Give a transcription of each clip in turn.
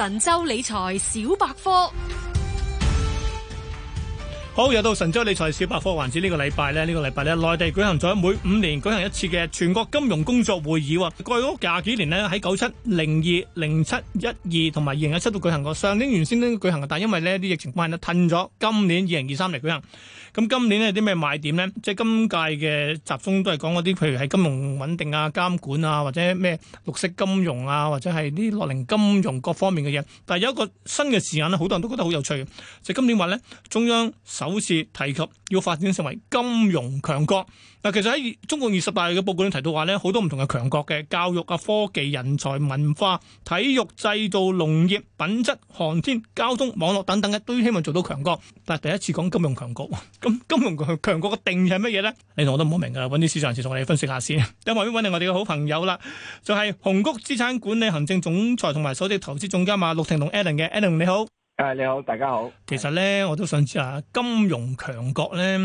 神州理財小百科。好，又到神州理財小百科環節，呢個禮拜咧，呢個禮拜咧，內地舉行咗每五年舉行一次嘅全國金融工作會議喎，過去廿幾年咧，喺九七、零二、零七、一二同埋二零一七度舉行過，上年原先都舉行嘅，但係因為咧啲疫情關係咧褪咗，今年二零二三嚟舉行。咁今年咧有啲咩賣點咧？即係今屆嘅集中都係講嗰啲，譬如係金融穩定啊、監管啊，或者咩綠色金融啊，或者係啲落零金融各方面嘅嘢。但係有一個新嘅字眼咧，好多人都覺得好有趣嘅，就今年話咧中央首。好似提及要發展成為金融強國，嗱，其實喺中共二十大嘅報告裏提到話咧，好多唔同嘅強國嘅教育啊、科技人才、文化、體育、製造、農業、品質、航天、交通、網絡等等嘅，都希望做到強國。但係第一次講金融強國，咁金融強國嘅定義係乜嘢咧？你同我都唔好明噶，搵啲市場人士同我哋分析下先。咁，或者揾嚟我哋嘅好朋友啦，就係、是、鴻鵠資產管理行政總裁同埋首席投資總監嘛，陸庭龍同 Alan 嘅，Alan 你好。你好，大家好。其實咧，我都想知下金融強國咧，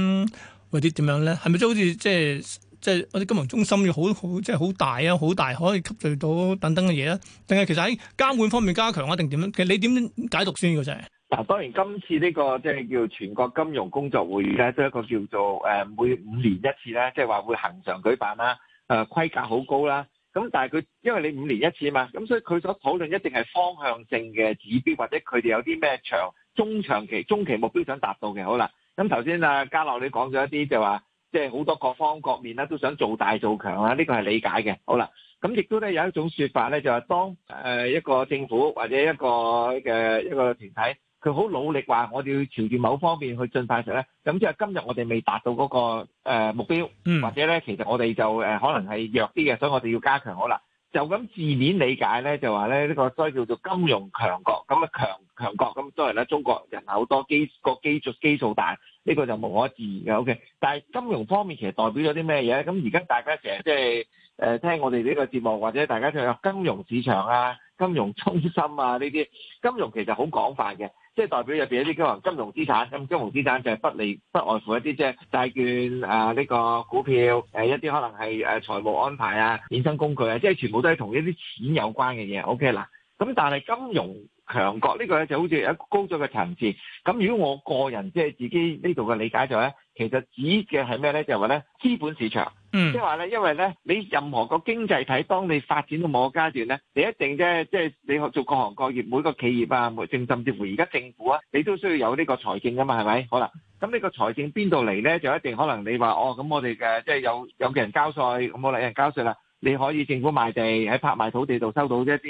會啲點樣咧？係咪即係好似即係即係啲金融中心要好好，即係好大啊，好大，可以吸聚到等等嘅嘢啊，定係其實喺監管方面加強啊？定點樣？其實你點解讀先嘅啫？嗱，當然今次呢、這個即係叫全國金融工作會議咧，都一個叫做誒，每五年一次啦，即係話會恆常舉辦啦，誒、呃，規格好高啦。咁但係佢，因為你五年一次嘛，咁所以佢所討論一定係方向性嘅指標，或者佢哋有啲咩長、中長期、中期目標想達到嘅。好啦，咁頭先啊嘉樂你講咗一啲就話，即係好多各方各面都想做大做強啊，呢個係理解嘅。好啦，咁亦都咧有一種說法咧，就係當誒一個政府或者一個嘅一個團體。就好努力話，我哋要朝住某方面去進快嘅時候咧，咁即係今日我哋未達到嗰個誒目標，嗯、或者咧其實我哋就誒可能係弱啲嘅，所以我哋要加強好啦。就咁字面理解咧，就話咧呢、這個所謂叫做金融強國，咁啊強強國咁當然呢中國人口多基個基數基數大，呢、這個就無可置疑嘅。OK，但係金融方面其實代表咗啲咩嘢？咁而家大家成日即係。誒，聽我哋呢個節目，或者大家對有金融市場啊、金融中心啊呢啲金融，其實好廣泛嘅，即係代表入邊一啲金融資產，咁金融資產就係不離、不外乎一啲即係債券啊、呢、呢個股票誒、啊、一啲可能係誒財務安排啊、衍生工具啊，即係全部都係同一啲錢有關嘅嘢。OK 嗱，咁但係金融強國呢個咧就好似一個高咗嘅層次。咁如果我個人即係自己呢度嘅理解就咧、是，其實指嘅係咩咧？就話、是、咧資本市場。嗯，即係話咧，因為咧，你任何個經濟體，當你發展到某個階段咧，你一定嘅即係你做各行各業，每個企業啊，每正甚至乎而家政府啊，你都需要有呢個財政噶嘛，係咪？好啦，咁呢個財政邊度嚟咧？就一定可能你話哦，咁我哋嘅即係有有嘅人交稅，咁我兩個人交稅啦，你可以政府賣地喺拍賣土地度收到一啲誒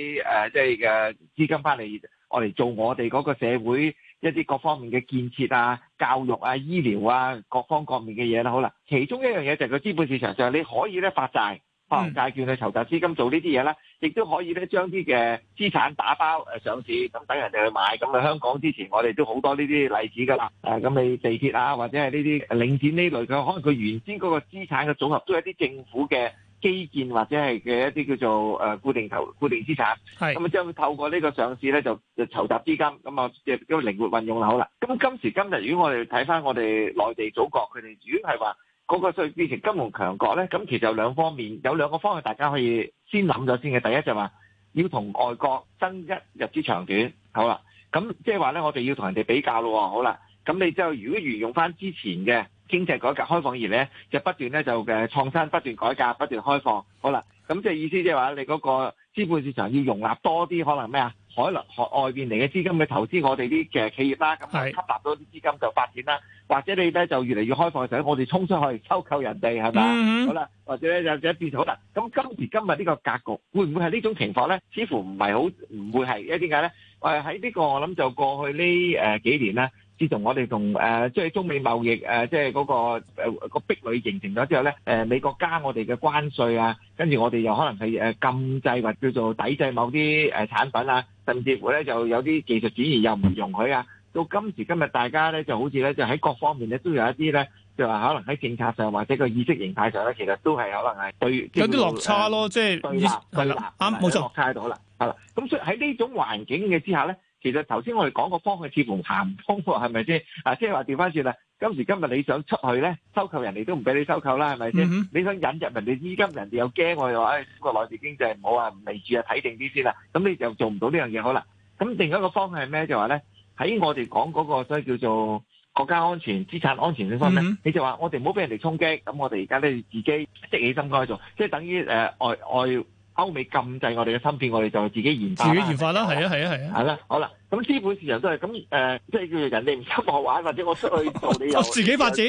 即係嘅資金翻嚟，我嚟做我哋嗰個社會。一啲各方面嘅建設啊、教育啊、醫療啊，各方各面嘅嘢啦，好啦。其中一樣嘢就係個資本市場上，就係，你可以咧發債、發債券去籌集資金做呢啲嘢啦，亦都可以咧將啲嘅資產打包誒上市，咁等人哋去買。咁啊，香港之前我哋都好多呢啲例子㗎啦。誒，咁你地鐵啊，或者係呢啲領展呢類嘅，可能佢原先嗰個資產嘅組合都係一啲政府嘅。基建或者係嘅一啲叫做誒固定投固定資產，咁啊，即係透過呢個上市咧，就就籌集資金，咁啊，亦都靈活運用啦。好啦，咁今時今日，如果我哋睇翻我哋內地祖國，佢哋主要係話嗰個所以變成金融強國咧，咁其實有兩方面，有兩個方向，大家可以先諗咗先嘅。第一就話要同外國爭一日之長短，好啦，咁即係話咧，我哋要同人哋比較咯，好啦。咁你就如果沿用翻之前嘅經濟改革開放而咧，就不斷咧就嘅創新，不斷改革，不斷開放。好啦，咁即係意思即係話你嗰個資本市場要容納多啲可能咩啊？可能海外外邊嚟嘅資金去投資我哋啲嘅企業啦，咁吸納多啲資金就發展啦。或者你咧就越嚟越開放嘅時候，我哋衝出去收購人哋係咪？好啦，或者咧就有一變好啦。咁今時今日呢個格局會唔會係呢種情況咧？似乎唔係好，唔會係。因為點解咧？我喺呢個我諗就過去呢幾年咧。自從我哋同誒即係中美貿易誒即係嗰個誒個壁壘形成咗之後咧，誒美國加我哋嘅關稅啊，跟住我哋又可能係誒禁制或叫做抵制某啲誒產品啊，甚至乎咧就有啲技術轉移又唔容許啊。到今時今日，大家咧就好似咧就喺各方面咧都有一啲咧，就話可能喺政策上或者個意識形態上咧，其實都係可能係對有啲落差咯，即係啱冇錯落差到啦，係啦。咁所以喺呢種環境嘅之下咧。其實頭先我哋講個方向似乎行唔通喎，係咪先？啊、就是，即係話調翻轉啦。今時今日你想出去咧，收購人哋都唔俾你收購啦，係咪先？Mm -hmm. 你想引入人哋資金，人哋又驚，我又話誒，中國內地經濟唔好啊，唔嚟住啊，睇定啲先啦。咁你就做唔到呢樣嘢，好啦。咁另一個方向係咩？就話咧，喺我哋講嗰個所謂叫做國家安全、資產安全呢方面，mm -hmm. 你就話我哋唔好俾人哋衝擊。咁我哋而家咧自己積起心肝去做，即係等於誒外外。呃呃呃呃呃呃歐美禁制我哋嘅芯片，我哋就自己研發啦。自己研發啦，係啊，係啊，係啊，係啦，好啦，咁資本市場都係咁誒，即係叫做人哋唔畀我玩，或者我出去做，你由自己發展。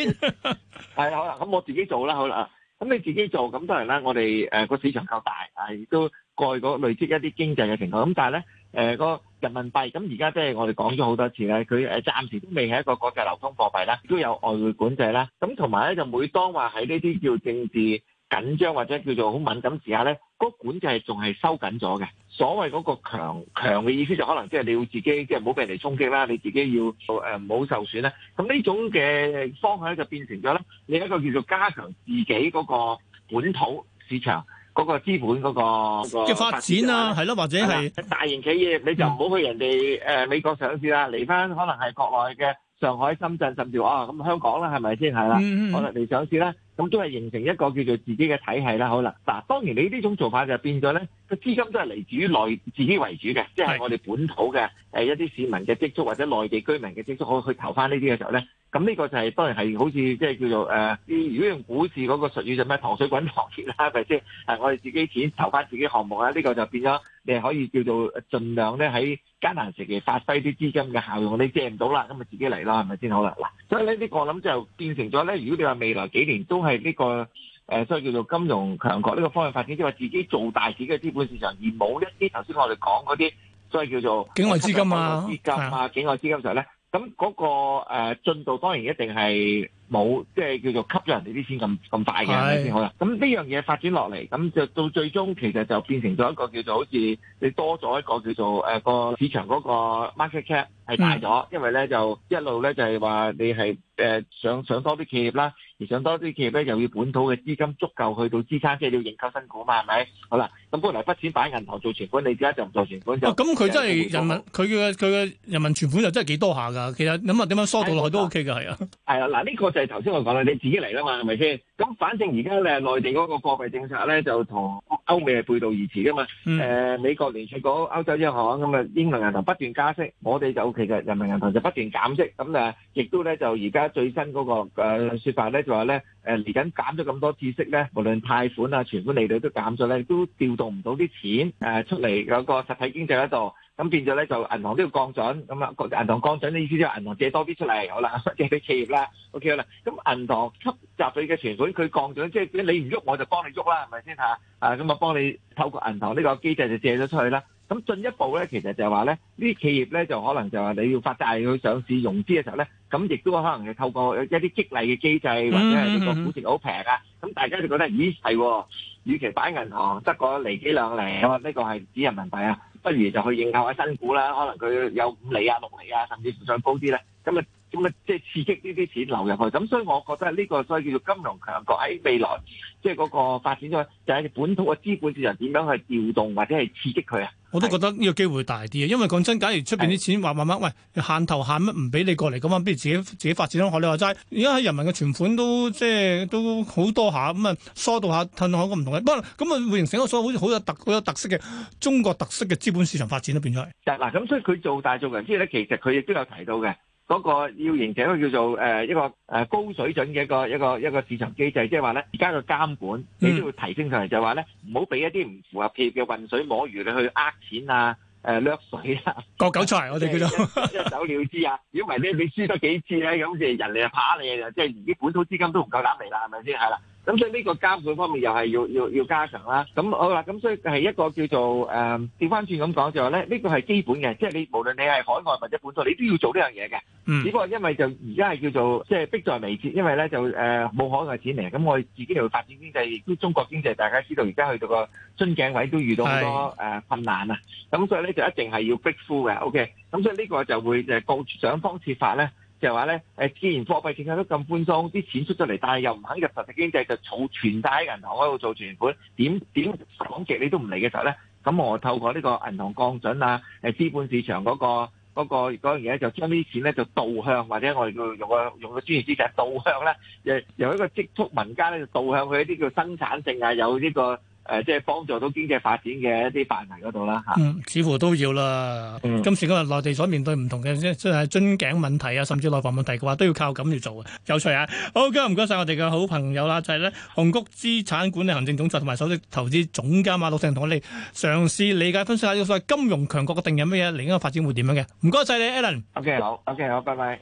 係好啦，咁我自己做啦，好啦，咁你自己做，咁當然啦，我哋誒個市場夠大，亦都蓋過累積一啲經濟嘅情況。咁但係咧，誒個人民幣咁而家即係我哋講咗好多次咧，佢誒暫時都未係一個國際流通貨幣啦，都有外匯管制啦。咁同埋咧就每當話喺呢啲叫政治。緊張或者叫做好敏感時下咧，嗰、那個、管制係仲係收緊咗嘅。所謂嗰個強強嘅意思就可能即係你要自己即係唔好俾人哋衝擊啦，你自己要誒唔好受損啦。咁呢種嘅方向咧就變成咗咧，你一個叫做加強自己嗰個本土市場嗰、那個資本嗰、那個、那個發,發展啦、啊，係咯，或者係大型企業你就唔好去人哋誒、呃、美國上市啦，嚟返可能係國內嘅。上海、深圳甚至話咁、啊啊嗯嗯啊、香港啦，係咪先係啦？好啦，嚟上市啦。咁、嗯、都係形成一個叫做自己嘅體系啦。好啦，嗱、啊，當然你呢種做法就變咗咧，個資金都係嚟自於內地自己為主嘅，即、就、係、是、我哋本土嘅誒一啲市民嘅積蓄或者內地居民嘅積蓄，可以去投翻呢啲嘅時候咧。咁呢個就係、是、當然係好似即係叫做誒、呃，如果用股市嗰個術語就咩糖水滾糖鐵啦，係咪先？係我哋自己錢投翻自己項目啊！呢、這個就變咗你係可以叫做盡量咧喺艱難時期發揮啲資金嘅效用。你借唔到啦，咁咪自己嚟啦，係咪先好啦？嗱，所以呢個我諗就變成咗咧。如果你話未來幾年都係呢、這個誒、呃，所以叫做金融強國呢個方向發展，即係話自己做大自己嘅資本市場，而冇一啲頭先我哋講嗰啲，所以叫做境外資金啊，資金啊，境外資金上咧。咁嗰個誒進度當然一定係冇，即係叫做吸咗人哋啲錢咁咁快嘅先好啦。咁呢樣嘢發展落嚟，咁就到最終其實就變成咗一個叫做好似你多咗一個叫做誒個市場嗰個 market cap。係大咗，因為咧就一路咧就係、是、話你係、呃、想想多啲企業啦，而想多啲企業咧又要本土嘅資金足夠去到資產即係要認購新股嘛，係咪？好啦，咁本嚟筆錢擺銀行做存款，你而家就唔做存款咁佢、啊哦嗯、真係人民佢嘅佢嘅人民存款又真係幾多下㗎？其實咁啊點樣疏導落去都 OK 㗎係啊。係啊，嗱呢、這個就係頭先我講啦，你自己嚟啦嘛係咪先？咁、嗯、反正而家誒內地嗰個貨幣政策咧就同。歐美係背道而馳㗎嘛？誒、嗯呃、美國連續講歐洲央行咁啊，英倫銀行不斷加息，我哋就其、OK、實人民銀行就不斷減息。咁啊，亦都咧就而家最新嗰、那個誒、呃、說法咧就話咧，誒嚟緊減咗咁多次息咧，無論貸款啊存款利率都減咗咧，都調動唔到啲錢誒、呃、出嚟，有個實體經濟喺度。咁變咗咧就銀行都要降準，咁啊，銀行降準嘅意思即係銀行借多啲出嚟，好啦，借俾企業啦。OK 啦，咁銀行吸集你嘅存款佢降準，即係你唔喐我就幫你喐啦，係咪先吓，啊咁啊，幫你透過銀行呢個機制就借咗出去啦。咁進一步咧，其實就係話咧，呢啲企業咧就可能就話你要發債要上市融資嘅時候咧，咁亦都可能係透過一啲激勵嘅機制，或者係呢個股值好平啊，咁大家就覺得咦係，與其擺銀行得過嚟幾兩厘啊，呢、這個係指人民幣啊。不如就去認購下新股啦，可能佢有五厘啊、六厘啊，甚至乎再高啲咧，咁啊，咁啊，即係刺激呢啲錢流入去。咁所以我覺得呢、這個所以叫做金融強國喺未來，即係嗰個發展咗，就係、是、本土嘅資本市場點樣去調動或者係刺激佢啊？我都覺得呢個機會大啲，因為講真，假如出面啲錢話乜乜，喂，限頭限乜，唔俾你過嚟咁啊，不如自己自己發展咯。學你話齋，而家喺人民嘅存款都即係都好多下，咁啊，疏到下滲下都唔同嘅，不過咁啊，會形成一個所有好似好有特好有特色嘅中國特色嘅資本市場發展都變咗。嗱、嗯，咁所以佢做大做強之後咧，其實佢亦都有提到嘅。嗰、那個要形成一個叫做誒一個誒高水準嘅一個一個一個市場機制，即係話咧，而家個監管你都要提升上嚟，就係話咧，唔好俾一啲唔符合規嘅混水摸魚你去呃錢啊，誒掠水啊，割韭菜，我哋叫做一走，一走，一走 了之啊！如果唔係咧，你輸多幾次咧，咁就人哋就怕你啊，即係連啲本土資金都唔夠膽嚟啦，係咪先？係啦。咁所以呢個監管方面又係要要要加強啦。咁好啦，咁所以係一個叫做誒，調翻轉咁講就話咧，呢個係基本嘅，即係你無論你係海外或者本土，你都要做呢樣嘢嘅。只不過因為就而家係叫做即係迫在眉睫，因為咧就誒冇海外展嚟，咁我自己就發展經濟，亦都中國經濟大家知道而家去到個樽頸位都遇到好多誒困難啦。咁所以咧就一定係要逼呼嘅。O K. 咁所以呢個就會告想方設法咧。就係話咧，誒，既然貨幣政策都咁寬鬆，啲錢出咗嚟，但係又唔肯入實體經濟，就儲存晒喺銀行嗰度做存款，點點降息你都唔嚟嘅時候咧，咁我透過呢個銀行降準啊，誒資本市場嗰個、嗰個、嗰樣嘢，嗰個、就將啲錢咧就導向，或者我哋叫用個用個專業資格導向咧，誒由一個積蓄民間咧就導向去一啲叫生產性啊，有呢個。誒，即係幫助到經濟發展嘅一啲範圍嗰度啦，吓，嗯，似乎都要啦。嗯，今次嗰個內地所面對唔同嘅即係樽頸問題啊，甚至內房問題嘅話，都要靠咁去做嘅。有趣啊！好，今日唔該晒我哋嘅好朋友啦，就係咧鴻鵠資產管理行政總裁同埋首席投資總監馬老成，同我哋嘗試理解分析下呢個所謂金融強國嘅定義係乜嘢，嚟緊個發展會點樣嘅？唔該晒你，Alan。OK，好，OK，好，拜拜。